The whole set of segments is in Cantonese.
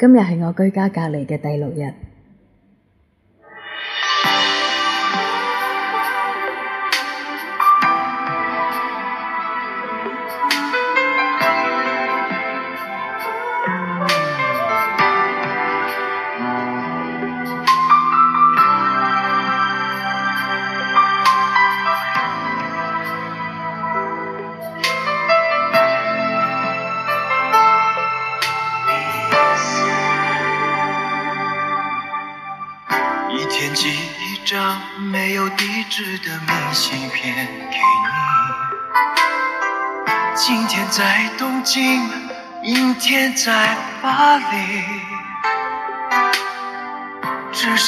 今日係我居家隔離嘅第六日。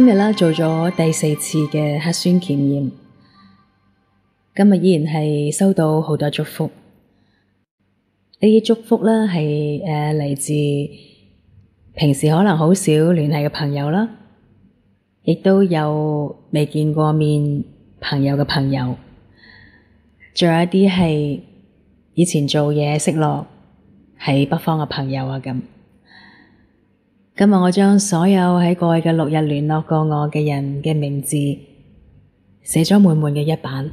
今日啦，做咗第四次嘅核酸檢驗，今日依然係收到好多祝福。呢啲祝福咧，係誒嚟自平時可能好少聯繫嘅朋友啦，亦都有未見過面朋友嘅朋友，仲有一啲係以前做嘢識落喺北方嘅朋友啊咁。今日我將所有喺過去嘅六日聯絡過我嘅人嘅名字寫咗滿滿嘅一版。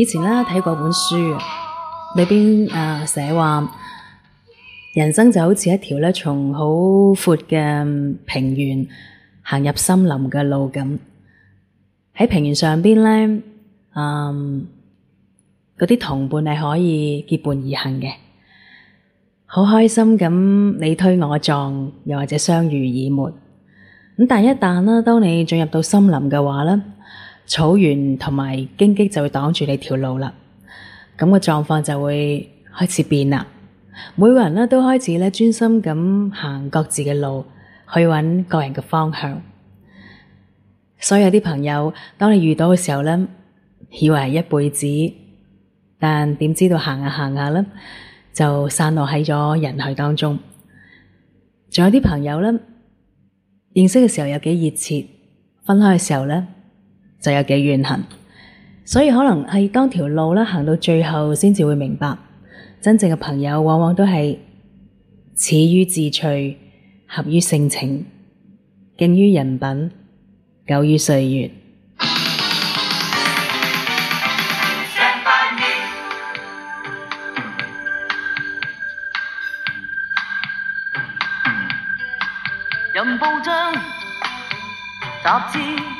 以前咧睇過本書裏邊啊寫話，人生就好似一條咧從好闊嘅平原行入森林嘅路咁。喺平原上邊咧，嗯，嗰啲同伴係可以結伴而行嘅，好開心咁你推我撞，又或者相濡以沫。咁但係一旦咧，當你進入到森林嘅話咧。草原同埋荊棘就會擋住你條路啦，咁個狀況就會開始變啦。每個人咧都開始咧專心咁行各自嘅路，去揾個人嘅方向。所以有啲朋友，當你遇到嘅時候咧，以為係一輩子，但點知道行下行下咧，就散落喺咗人海當中。仲有啲朋友咧，認識嘅時候有幾熱切，分開嘅時候咧，就有幾怨恨，所以可能係當條路啦行到最後，先至會明白，真正嘅朋友往往都係始於智趣，合於性情，敬於人品，久於歲月。人報章雜誌。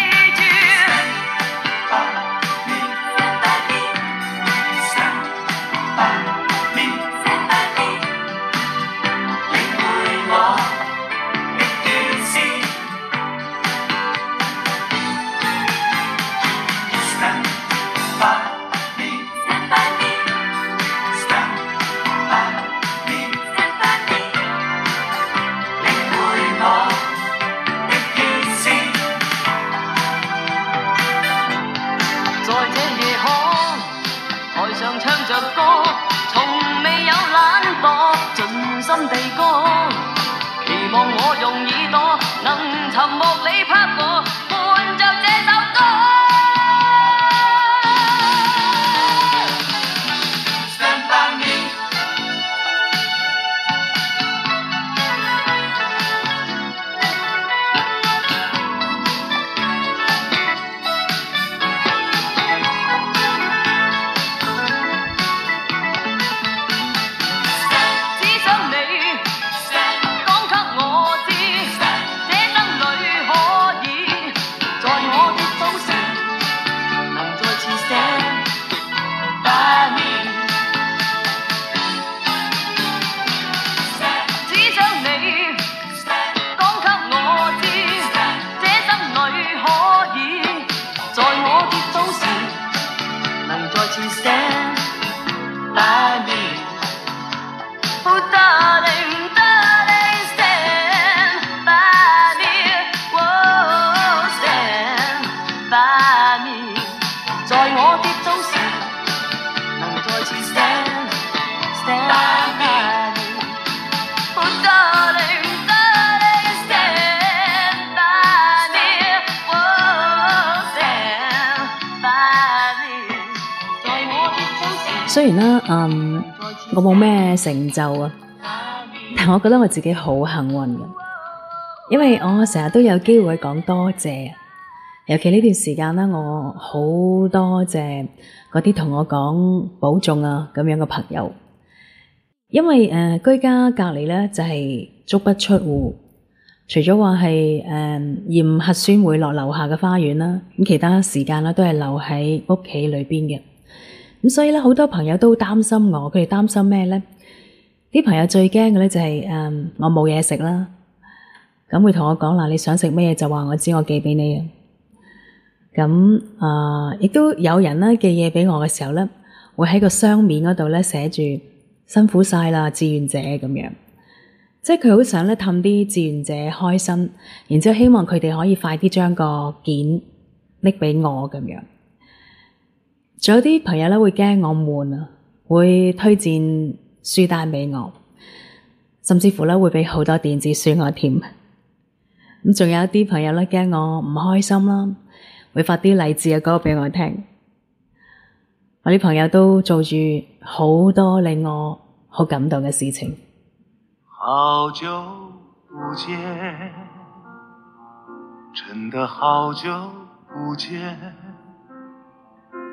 嗯，我冇咩成就啊，但我覺得我自己好幸運，因為我成日都有機會講多謝，尤其呢段時間呢，我好多謝嗰啲同我講保重啊咁樣嘅朋友，因為誒居家隔離咧就係足不出戶，除咗話係誒驗核酸會落樓下嘅花園啦，咁其他時間咧都係留喺屋企裏邊嘅。所以咧，好多朋友都擔心我，佢哋擔心咩咧？啲朋友最驚嘅咧就係、是、誒、嗯，我冇嘢食啦。咁會同我講啦，你想食咩就話我知，我寄俾你。咁啊，亦、呃、都有人咧寄嘢俾我嘅時候咧，會喺個箱面嗰度咧寫住辛苦晒啦，志願者咁樣。即係佢好想咧氹啲志願者開心，然之後希望佢哋可以快啲將個件拎俾我咁樣。仲有啲朋友咧會驚我悶啊，會推薦書單俾我，甚至乎咧會俾好多電子書我添。咁仲有啲朋友咧驚我唔開心啦，會發啲勵志嘅歌俾我聽。我啲朋友都做住好多令我好感動嘅事情。好久不見，真的好久不見。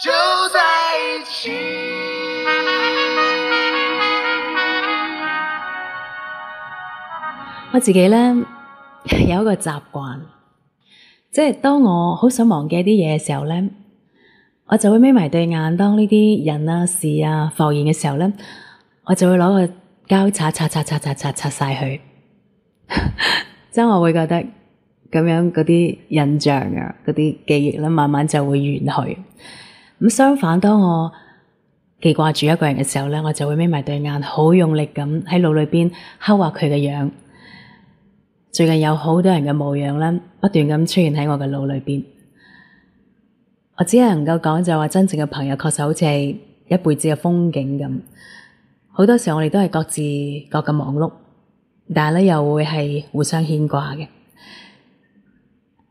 就在一起。我自己呢，有一個習慣，即係當我好想忘記啲嘢嘅時候呢，我就會眯埋對眼，當呢啲人啊、事啊浮現嘅時候呢，我就會攞個膠擦擦擦擦擦擦擦晒佢，真 我會覺得。咁樣嗰啲印象啊，嗰啲記憶咧、啊，慢慢就會遠去。咁相反，當我記掛住一個人嘅時候咧，我就會眯埋對眼，好用力咁喺腦裏邊刻畫佢嘅樣。最近有好多人嘅模樣咧，不斷咁出現喺我嘅腦裏邊。我只係能夠講就話，真正嘅朋友確實好似係一輩子嘅風景咁。好多時候我哋都係各自各嘅忙碌，但係咧又會係互相牽掛嘅。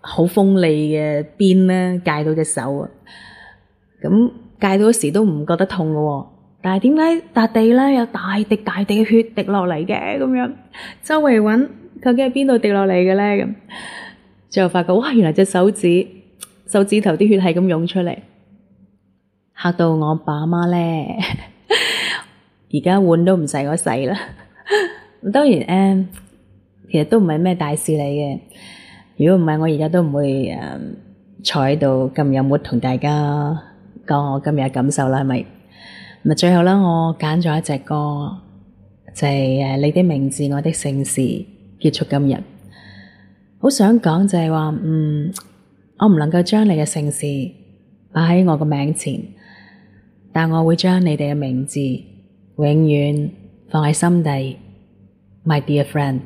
好鋒利嘅邊呢？戒到隻手，咁戒到時都唔覺得痛嘅，但係點解笪地咧有大滴大滴嘅血滴落嚟嘅？咁樣周圍搵，究竟係邊度滴落嚟嘅咧？咁最後發覺哇，原來隻手指手指頭啲血係咁湧出嚟，吓到我爸媽咧，而家碗都唔使我洗啦。當然誒，其實都唔係咩大事嚟嘅。如果唔係，我而家都唔會誒坐喺度咁有冇同大家講我今日嘅感受啦，係咪？咪最後啦，我揀咗一隻歌，就係誒你的名字，我的姓氏，結束今日。好想講就係話，嗯，我唔能夠將你嘅姓氏擺喺我嘅名前，但我會將你哋嘅名字永遠放喺心底，my dear friend。